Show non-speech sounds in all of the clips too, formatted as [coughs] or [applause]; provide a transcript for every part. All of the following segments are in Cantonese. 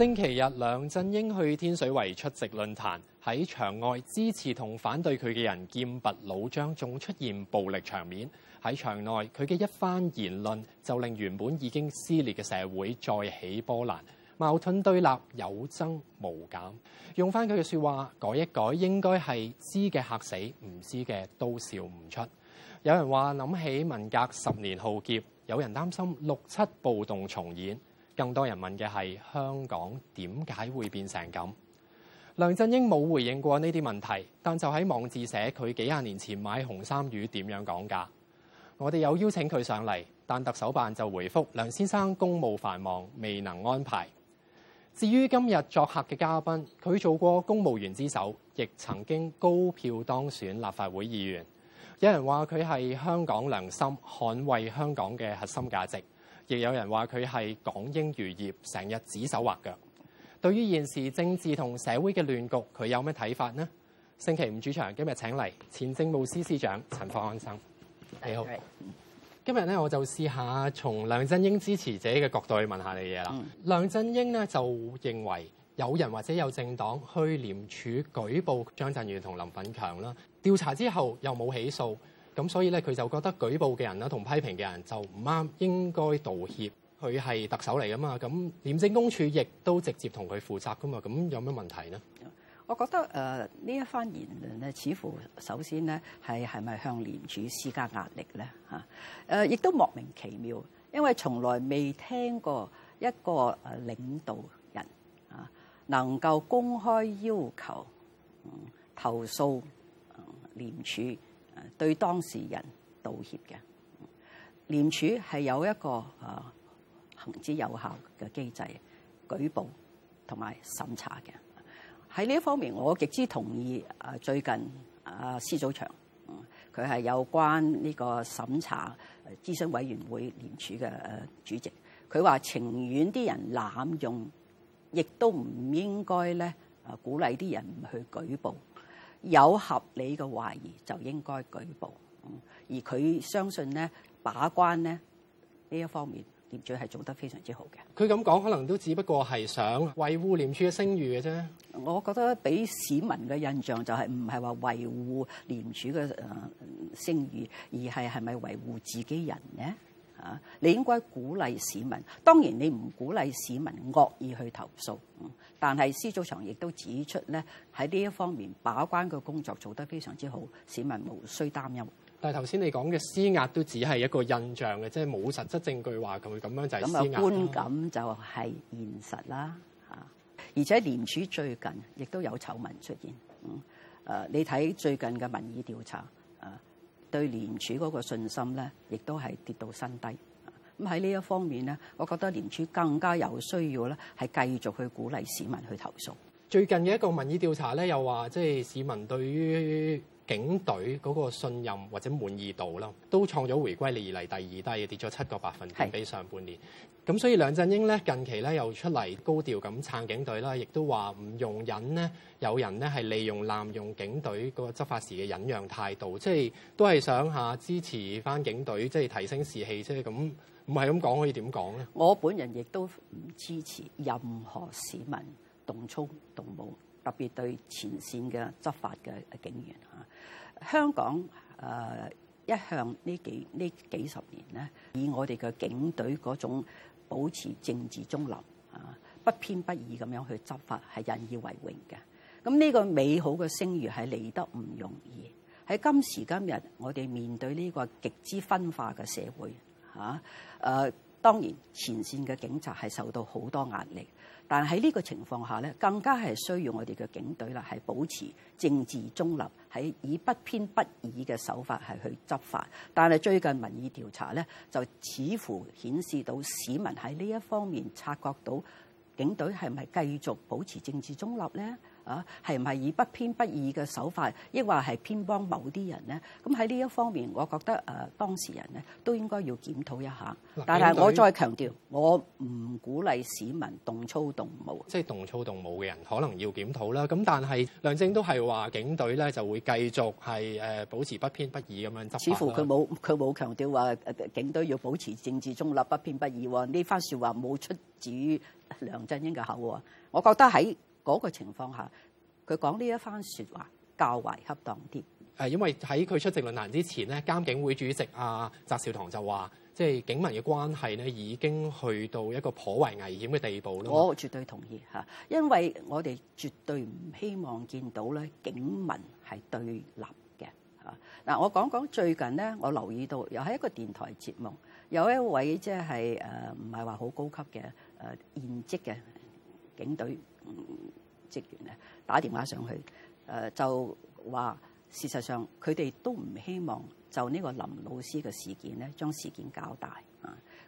星期日，梁振英去天水圍出席論壇，喺場外支持同反對佢嘅人劍拔弩張，仲出現暴力場面；喺場內，佢嘅一番言論就令原本已經撕裂嘅社會再起波瀾，矛盾對立有增無減。用翻佢嘅説話改一改，應該係知嘅嚇死，唔知嘅都笑唔出。有人話諗起文革十年浩劫，有人擔心六七暴動重演。更多人問嘅係香港點解會變成咁？梁振英冇回應過呢啲問題，但就喺網誌寫佢幾廿年前買紅衫魚點樣講價。我哋有邀請佢上嚟，但特首辦就回覆梁先生公務繁忙，未能安排。至於今日作客嘅嘉賓，佢做過公務員之首，亦曾經高票當選立法會議員。有人話，佢係香港良心，捍衛香港嘅核心價值。亦有人話佢係港英餘孽，成日指手畫腳。對於現時政治同社會嘅亂局，佢有咩睇法呢？星期五主場，今日請嚟前政務司司長陳方安生。 [coughs] 你好，今日咧我就試下從梁振英支持者嘅角度去問下你嘢啦。嗯、梁振英呢，就認為有人或者有政黨去廉署舉報張震遠同林奮強啦，調查之後又冇起訴。咁所以咧，佢就覺得舉報嘅人啦，同批評嘅人就唔啱，應該道歉。佢係特首嚟噶嘛，咁廉政公署亦都直接同佢負責噶嘛。咁有咩問題呢？我覺得誒呢一番言論咧，似乎首先咧係係咪向廉署施加壓力咧？嚇誒，亦都莫名其妙，因為從來未聽過一個誒領導人啊能夠公開要求投訴廉署。對當事人道歉嘅，廉署係有一個啊行之有效嘅機制，舉報同埋審查嘅。喺呢一方面，我極之同意啊。最近啊，施祖祥，佢係有關呢個審查諮詢委員會廉署嘅誒主席，佢話情願啲人濫用，亦都唔應該咧啊鼓勵啲人唔去舉報。有合理嘅懷疑就應該舉報，嗯、而佢相信呢把關呢呢一方面，廉署係做得非常之好嘅。佢咁講可能都只不過係想維護廉署嘅聲譽嘅啫。我覺得俾市民嘅印象就係唔係話維護廉署嘅誒聲譽，而係係咪維護自己人呢？你應該鼓勵市民，當然你唔鼓勵市民惡意去投訴。嗯、但係司組長亦都指出咧，喺呢一方面把關嘅工作做得非常之好，市民無需擔憂。但係頭先你講嘅施壓都只係一個印象嘅，即係冇實質證據話佢咁樣就係施壓。觀感就係現實啦，嚇、嗯！而且廉署最近亦都有醜聞出現。嗯，誒、呃，你睇最近嘅民意調查。對廉署嗰個信心咧，亦都係跌到新低。咁喺呢一方面咧，我覺得廉署更加有需要咧，係繼續去鼓勵市民去投訴。最近嘅一個民意調查咧，又話即係市民對於警隊嗰個信任或者滿意度咯，都創咗回歸以嚟第二低，跌咗七個百分點比上半年。咁是所以梁振英咧近期咧又出嚟高調咁撐警隊啦，亦都話唔容忍咧有人咧係利用濫用警隊嗰個執法時嘅忍讓態度，即係都係想嚇支持翻警隊，即係提升士氣啫。咁唔係咁講可以點講咧？我本人亦都唔支持任何市民動粗動武。特別對前線嘅執法嘅警員啊，香港誒、呃、一向呢幾呢幾十年咧，以我哋嘅警隊嗰種保持政治中立啊，不偏不倚咁樣去執法，係引以為榮嘅。咁呢個美好嘅聲譽係嚟得唔容易。喺今時今日，我哋面對呢個極之分化嘅社會嚇誒。啊呃當然，前線嘅警察係受到好多壓力，但喺呢個情況下咧，更加係需要我哋嘅警隊啦，係保持政治中立，係以不偏不倚嘅手法係去執法。但係最近民意調查咧，就似乎顯示到市民喺呢一方面察覺到警隊係咪繼續保持政治中立咧？係唔係以不偏不倚嘅手法，抑或係偏幫某啲人呢？咁喺呢一方面，我覺得誒當事人呢都應該要檢討一下。但係我再強調，我唔鼓勵市民動粗動武。即係動粗動武嘅人，可能要檢討啦。咁但係梁振英都係話，警隊咧就會繼續係誒保持不偏不倚咁樣執法。似乎佢冇佢冇強調話，警隊要保持政治中立、不偏不倚。呢番説話冇出自於梁振英嘅口。我覺得喺嗰個情況下，佢講呢一番説話較為恰當啲。誒，因為喺佢出席論壇之前咧，監警會主席阿翟紹唐就話，即係警民嘅關係咧已經去到一個頗為危險嘅地步啦。我絕對同意嚇，因為我哋絕對唔希望見到咧警民係對立嘅嚇。嗱，我講講最近咧，我留意到又喺一個電台節目，有一位即係誒唔係話好高級嘅誒、呃、現職嘅警隊。職員咧打電話上去，誒就話事實上佢哋都唔希望就呢個林老師嘅事件咧將事件搞大，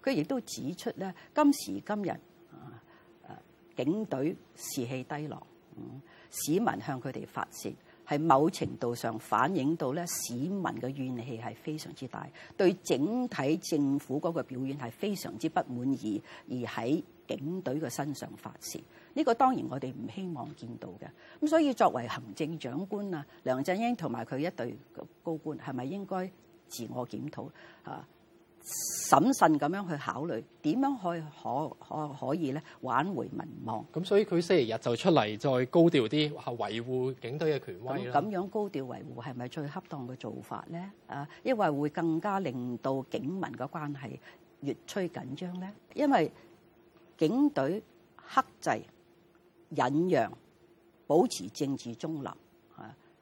佢、啊、亦都指出咧今時今日，誒、啊啊、警隊士氣低落、嗯，市民向佢哋發泄。係某程度上反映到咧市民嘅怨氣係非常之大，對整體政府嗰個表現係非常之不滿意，而喺警隊嘅身上發泄。呢個當然我哋唔希望見到嘅。咁所以作為行政長官啊，梁振英同埋佢一隊高官，係咪應該自我檢討啊？審慎咁樣去考慮點樣可以可可可以咧挽回民望。咁所以佢星期日就出嚟再高調啲維護警隊嘅權威啦對。咁樣高調維護係咪最恰當嘅做法咧？啊，因為會更加令到警民嘅關係越趨緊張咧。因為警隊克制忍讓，保持政治中立，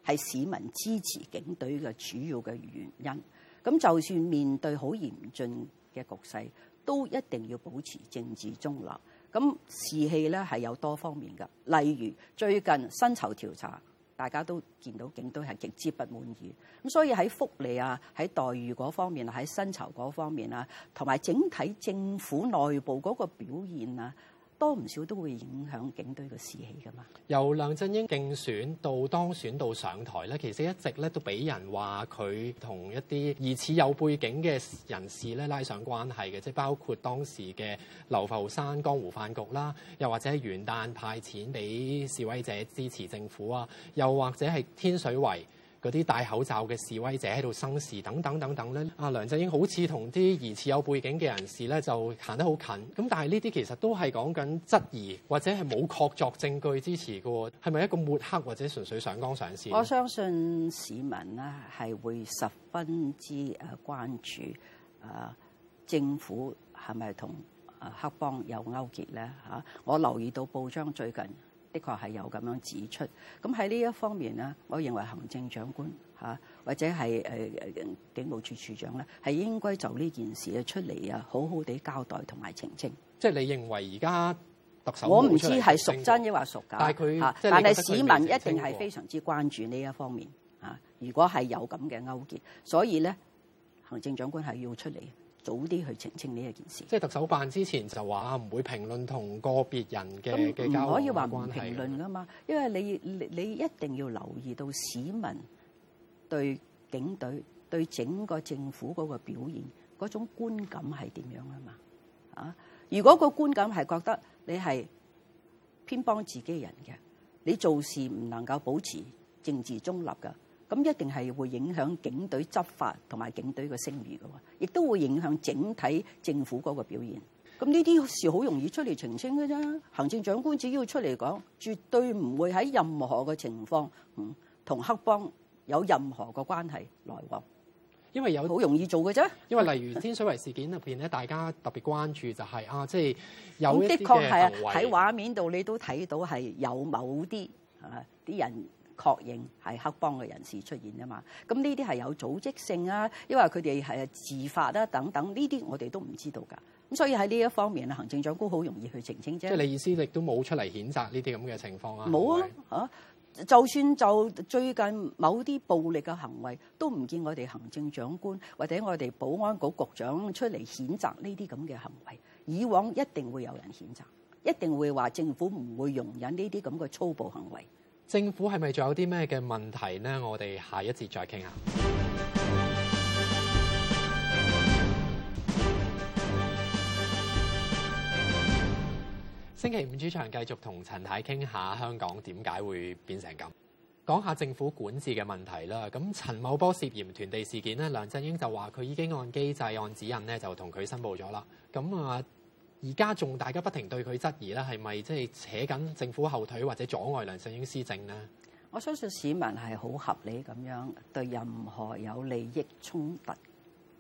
係市民支持警隊嘅主要嘅原因。咁就算面對好嚴峻嘅局勢，都一定要保持政治中立。咁士氣咧係有多方面嘅，例如最近薪酬調查，大家都見到警隊係極之不滿意。咁所以喺福利啊，喺待遇嗰方面啊，喺薪酬嗰方面啊，同埋整體政府內部嗰個表現啊。多唔少都會影響警隊嘅士氣噶嘛？由梁振英競選到當選到上台咧，其實一直咧都俾人話佢同一啲疑似有背景嘅人士咧拉上關係嘅，即包括當時嘅流浮山江湖飯局啦，又或者係元旦派錢俾示威者支持政府啊，又或者係天水圍，嗰啲戴口罩嘅示威者喺度生事，等等等等咧。阿、啊、梁振英好似同啲疑似有背景嘅人士咧，就行得好近。咁但係呢啲其實都係講緊質疑，或者係冇確鑿證據支持嘅。係咪一個抹黑或者純粹上綱上線，我相信市民啊係會十分之誒關注啊，政府係咪同誒黑幫有勾結咧？吓，我留意到報章最近。的確係有咁樣指出，咁喺呢一方面咧，我認為行政長官嚇或者係誒警務處處長咧，係應該就呢件事啊出嚟啊，好好地交代同埋澄清。即係你認為而家特首我唔知係屬真抑或屬假，但係市民一定係非常之關注呢一方面嚇。如果係有咁嘅勾結，所以咧行政長官係要出嚟，早啲去澄清呢一件事。即係特首辦之前就話唔會評論同個別人嘅嘅，唔可以話唔評論噶嘛？因為你你一定要留意到市民對警隊對整個政府嗰個表現嗰種觀感係點樣啊嘛？啊，如果個觀感係覺得你係偏幫自己人嘅，你做事唔能夠保持政治中立嘅。咁一定係會影響警隊執法同埋警隊嘅聲譽嘅喎，亦都會影響整體政府嗰個表現。咁呢啲事好容易出嚟澄清嘅啫。行政長官只要出嚟講，絕對唔會喺任何嘅情況，嗯，同黑幫有任何嘅關係來往。因為有好容易做嘅啫。因為例如天水圍事件入邊咧， [laughs] 大家特別關注就係啊，即係有的確係啊，喺畫面度，你都睇到係有某啲啊啲人，確認係黑幫嘅人士出現啊嘛，咁呢啲係有組織性啊，因為佢哋係自發啦、啊、等等，呢啲我哋都唔知道㗎。咁所以喺呢一方面，行政長官好容易去澄清啫。即係你意思亦都冇出嚟譴責呢啲咁嘅情況啊？冇啊！啊，就算就最近某啲暴力嘅行為，都唔見我哋行政長官或者我哋保安局局長出嚟譴責呢啲咁嘅行為。以往一定會有人譴責，一定會話政府唔會容忍呢啲咁嘅粗暴行為。政府係咪仲有啲咩嘅問題呢？我哋下一節再傾下。星期五主場繼續同陳太傾下香港點解會變成咁，講下政府管治嘅問題啦。咁陳茂波涉嫌團地事件呢，梁振英就話佢已經按機制按指引呢，就同佢申報咗啦。咁啊。而家仲大家不停對佢質疑咧，係咪即係扯緊政府後腿或者阻礙梁振英施政咧？我相信市民係好合理咁樣對任何有利益衝突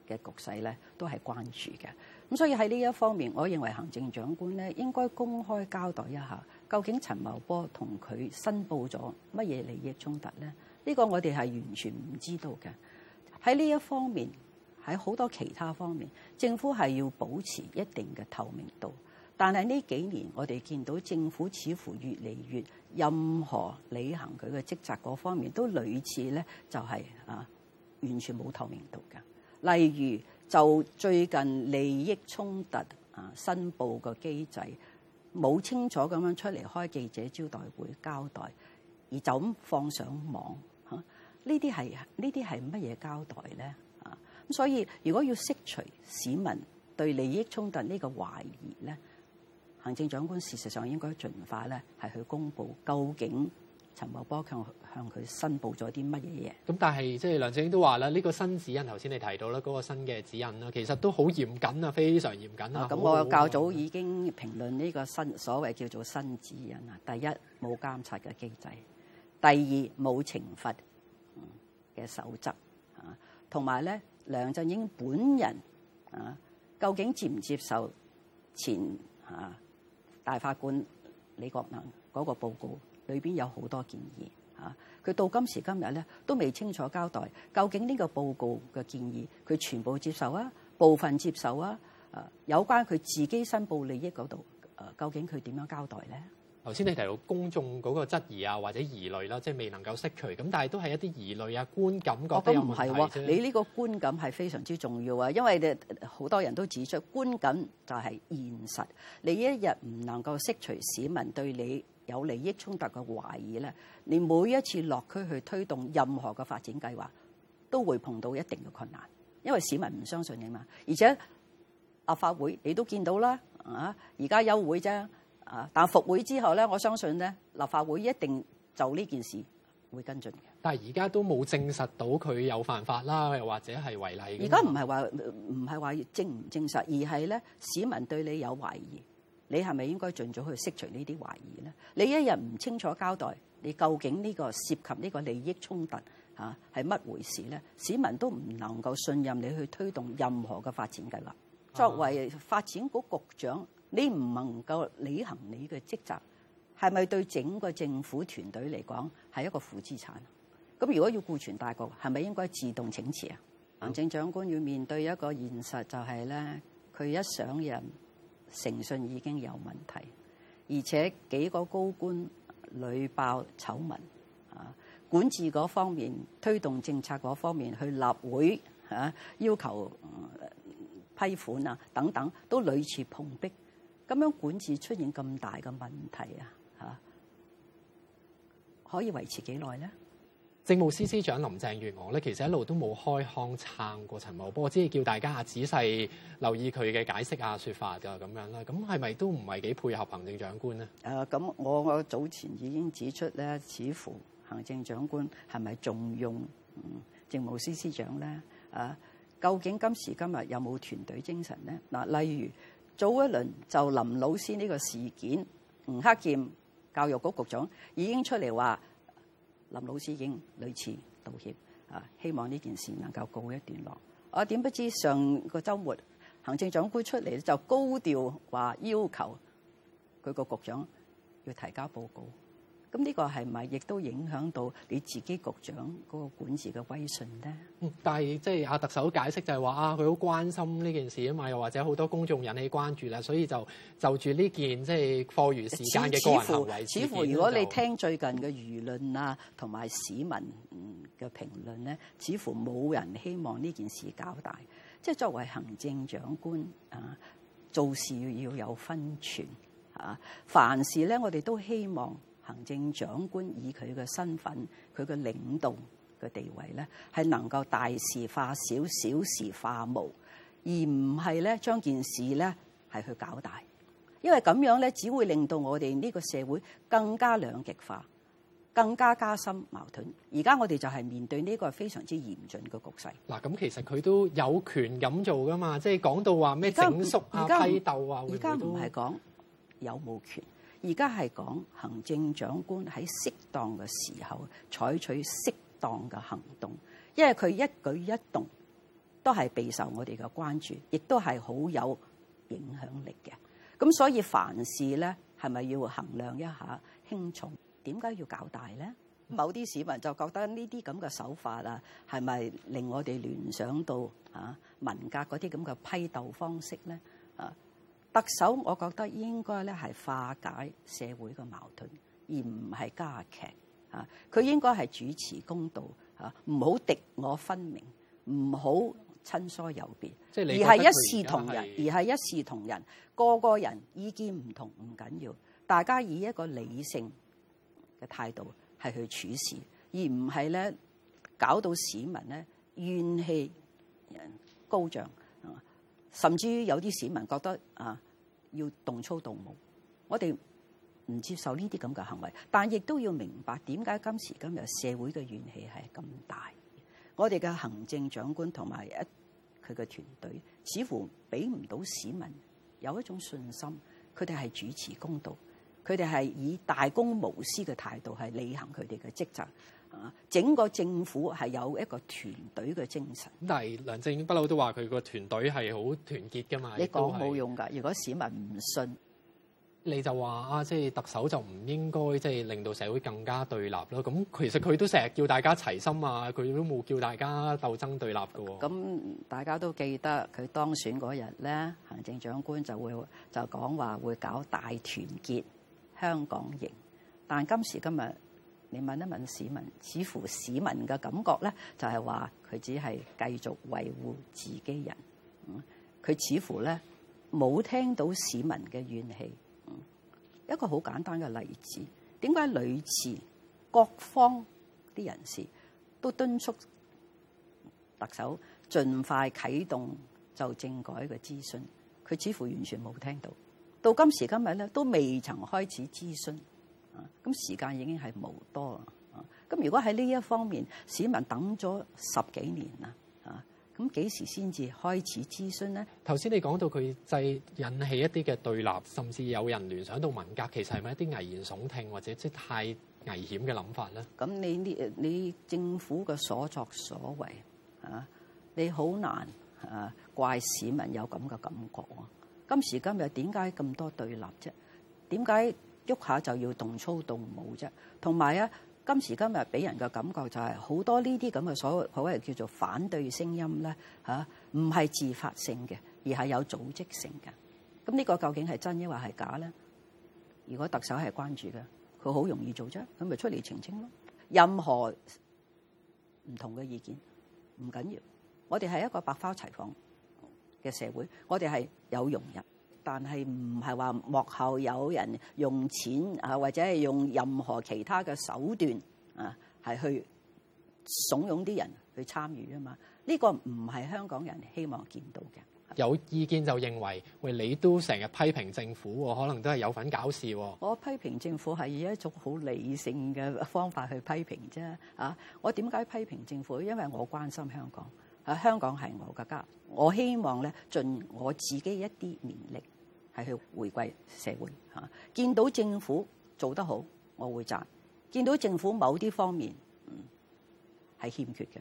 嘅局勢咧，都係關注嘅。咁所以喺呢一方面，我認為行政長官咧，應該公開交代一下，究竟陳茂波同佢申報咗乜嘢利益衝突咧？呢個我哋係完全唔知道嘅。喺呢一方面。喺好多其他方面，政府係要保持一定嘅透明度。但係呢幾年，我哋見到政府似乎越嚟越任何履行佢嘅職責嗰方面，都類似咧，就係啊完全冇透明度噶。例如就最近利益衝突啊，申報個機制冇清楚咁樣出嚟開記者招待會交代，而就咁放上網，吓，呢啲係呢啲係乜嘢交代咧？所以，如果要釋除市民對利益衝突呢個懷疑咧，行政長官事實上應該盡快咧，係去公布究竟陳茂波向向佢申報咗啲乜嘢嘢。咁但係即係梁振英都話啦，呢個新指引頭先你提到啦，嗰個新嘅指引啦，其實都好嚴謹啊，非常嚴謹啊。咁我較早已經評論呢個新所謂叫做新指引啊，第一冇監察嘅機制，第二冇懲罰嘅守則。同埋咧，梁振英本人啊，究竟接唔接受前啊大法官李國能嗰個報告裏邊有好多建議，佢到今時今日咧都未清楚交代，究竟呢個報告嘅建議，佢全部接受啊，部分接受啊？誒，有關佢自己申報利益嗰度誒，究竟佢點樣交代咧？頭先你提到公眾嗰個質疑啊，或者疑慮啦，即係未能夠釋除，咁但係都係一啲疑慮啊、觀感，覺得有問題、哦啊、你呢個觀感係非常之重要啊，因為好多人都指出觀感就係現實。你一日唔能夠釋除市民對你有利益衝突嘅懷疑咧，你每一次落區去推動任何嘅發展計劃，都會碰到一定嘅困難，因為市民唔相信你嘛。而且立法會你都見到啦，啊，而家休會啫。啊！但係復會之後咧，我相信咧，立法會一定就呢件事會跟進嘅。但係而家都冇證實到佢有犯法啦，又或者係違例。而家唔係話，唔係話要證唔證實，而係咧市民對你有懷疑，你係咪應該盡早去釋除呢啲懷疑咧？你一日唔清楚交代，你究竟呢個涉及呢個利益衝突嚇係乜回事咧？市民都唔能夠信任你去推動任何嘅發展計劃。作為發展局局長，你唔能夠履行你嘅職責，係咪對整個政府團隊嚟講係一個負資產？咁如果要顧全大局，係咪應該自動請辭啊？行、嗯、政長官要面對一個現實，就是，就係咧，佢一上任，誠信已經有問題，而且幾個高官屢爆醜聞，啊，管治嗰方面、推動政策嗰方面去立會嚇、啊，要求、嗯、批款啊等等，都屢次碰壁。咁樣管治出現咁大嘅問題啊，嚇可以維持幾耐呢？政務司司長林鄭月娥咧，其實一路都冇開腔撐過陳茂波，我只係叫大家啊仔細留意佢嘅解釋啊説法就咁樣啦。咁係咪都唔係幾配合行政長官咧？誒、啊，咁我我早前已經指出咧，似乎行政長官係咪重用、嗯、政務司司長咧？啊，究竟今時今日有冇團隊精神咧？嗱、啊，例如。早一輪就林老師呢個事件，吳克儉教育局局長已經出嚟話林老師已經屢次道歉啊，希望呢件事能夠告一段落。啊，點不知上個周末行政長官出嚟就高調話要求佢個局長要提交報告。咁呢個係咪亦都影響到你自己局長嗰個管治嘅威信咧？嗯，但係即係阿特首解釋就係話啊，佢好關心呢件事啊嘛，又或者好多公眾引起關注啦，所以就就住呢件即係課餘時間嘅個人行為，似，似乎，似乎如果你聽最近嘅輿論啊，同埋市民嘅評論咧，似乎冇人希望呢件事搞大。即係作為行政長官啊，做事要要有分寸啊，凡事咧，我哋都希望。行政長官以佢嘅身份，佢嘅領導嘅地位咧，係能夠大事化小，小事化無，而唔係咧將件事咧係去搞大，因為咁樣咧只會令到我哋呢個社會更加兩極化，更加加深矛盾。而家我哋就係面對呢個非常之嚴峻嘅局勢。嗱，咁其實佢都有權咁做噶嘛，即係講到話咩整肅，而家鬥啊，而家唔係講有冇權。而家係講行政長官喺適當嘅時候採取適當嘅行動，因為佢一舉一動都係備受我哋嘅關注，亦都係好有影響力嘅。咁所以凡事咧，係咪要衡量一下輕重？點解要搞大咧？某啲市民就覺得呢啲咁嘅手法啊，係咪令我哋聯想到啊文革嗰啲咁嘅批鬥方式咧？啊！特首，我覺得應該咧係化解社會嘅矛盾，而唔係加劇啊，佢應該係主持公道，嚇唔好敵我分明，唔好親疏有別，即係而係一視同仁，而係一視同仁。個個人意見唔同唔緊要，大家以一個理性嘅態度係去處事，而唔係咧搞到市民咧怨氣高漲。甚至有啲市民覺得啊，要動粗動武，我哋唔接受呢啲咁嘅行為。但亦都要明白點解今時今日社會嘅怨氣係咁大。我哋嘅行政長官同埋一佢嘅團隊，似乎俾唔到市民有一種信心，佢哋係主持公道，佢哋係以大公無私嘅態度係履行佢哋嘅職責。整個政府係有一個團隊嘅精神。但係梁振英不嬲都話佢個團隊係好團結㗎嘛，你講冇用㗎，如果市民唔信，你就話啊，即係特首就唔應該即係令到社會更加對立咯。咁其實佢都成日叫大家齊心啊，佢都冇叫大家鬥爭對立㗎喎。咁大家都記得佢當選嗰日咧，行政長官就會就講話會搞大團結，香港贏。但今時今日。你問一問市民，似乎市民嘅感覺咧，就係話佢只係繼續維護自己人。佢，嗯，似乎咧冇聽到市民嘅怨氣，嗯。一個好簡單嘅例子，點解每次各方啲人士都敦促特首盡快啟動就政改嘅諮詢，佢似乎完全冇聽到。到今時今日咧，都未曾開始諮詢。咁時間已經係無多啦，咁如果喺呢一方面，市民等咗十幾年啦，啊，咁幾時先至開始諮詢咧？頭先你講到佢製引起一啲嘅對立，甚至有人聯想到文革，其實係咪一啲危言聳聽，或者即係太危險嘅諗法咧？咁你你你政府嘅所作所為啊，你好難啊怪市民有咁嘅感覺喎。今時今日點解咁多對立啫？點解？喐下就要動粗動武啫，同埋啊，今時今日俾人嘅感覺就係好多呢啲咁嘅所謂，所謂叫做反對聲音咧嚇，唔係自發性嘅，而係有組織性嘅。咁呢個究竟係真抑或係假咧？如果特首係關注嘅，佢好容易做啫，佢咪出嚟澄清咯。任何唔同嘅意見唔緊要，我哋係一個百花齊放嘅社會，我哋係有容忍。但係唔係話幕後有人用錢啊，或者係用任何其他嘅手段啊，係去慫恿啲人去參與啊嘛？呢個唔係香港人希望見到嘅。有意見就認為，喂，你都成日批評政府，可能都係有份搞事。啊、我批評政府係以一種好理性嘅方法去批評啫。啊，我點解批評政府？因為我關心香港。啊！香港係我嘅家，我希望咧盡我自己一啲勉力，係去回歸社會嚇。見到政府做得好，我會讚；見到政府某啲方面，嗯，係欠缺嘅，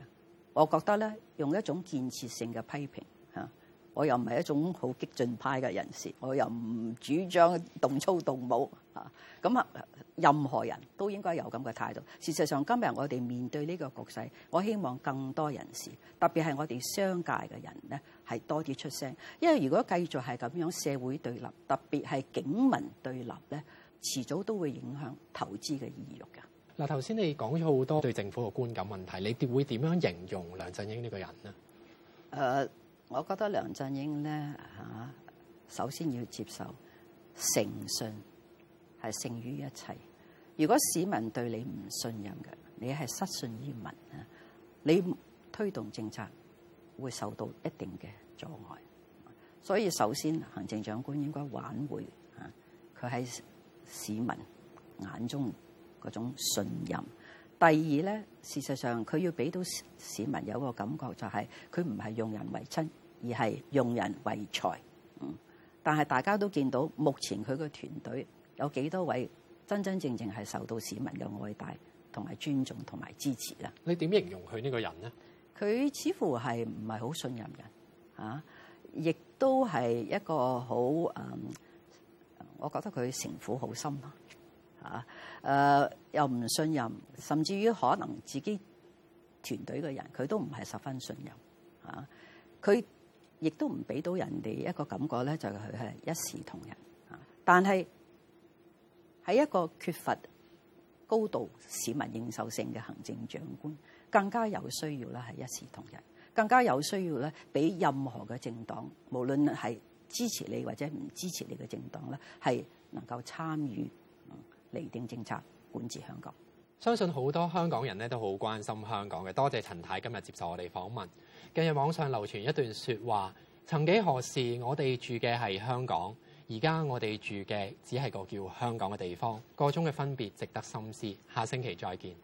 我覺得咧用一種建設性嘅批評嚇，我又唔係一種好激進派嘅人士，我又唔主張動粗動武。啊！咁啊，任何人都應該有咁嘅態度。事實上，今日我哋面對呢個局勢，我希望更多人士，特別係我哋商界嘅人咧，係多啲出聲。因為如果繼續係咁樣社會對立，特別係警民對立咧，遲早都會影響投資嘅意欲㗎。嗱，頭先你講咗好多對政府嘅觀感問題，你會點樣形容梁振英呢個人呢？誒，我覺得梁振英咧嚇，首先要接受誠信。係勝於一切。如果市民對你唔信任嘅，你係失信於民啊！你推動政策會受到一定嘅阻礙。所以首先，行政長官應該挽回啊，佢喺市民眼中嗰種信任。第二呢，事實上佢要俾到市民有一個感覺，就係佢唔係用人為親，而係用人為才。嗯，但係大家都見到目前佢個團隊。有幾多位真真正正係受到市民嘅愛戴同埋尊重同埋支持啦？你點形容佢呢個人咧？佢似乎係唔係好信任人啊？亦都係一個好誒、嗯，我覺得佢城府好深啊。誒、啊、又唔信任，甚至於可能自己團隊嘅人，佢都唔係十分信任啊。佢亦都唔俾到人哋一個感覺咧，就係佢係一視同仁啊。但係。係一個缺乏高度市民認受性嘅行政長官，更加有需要咧係一視同仁，更加有需要咧俾任何嘅政黨，無論係支持你或者唔支持你嘅政黨咧，係能夠參與釐定政策、管治香港。相信好多香港人咧都好關心香港嘅。多謝陳太今日接受我哋訪問。近日網上流傳一段説話：「曾幾何時，我哋住嘅係香港。而家我哋住嘅只係個叫香港嘅地方，箇中嘅分別值得深思。下星期再見。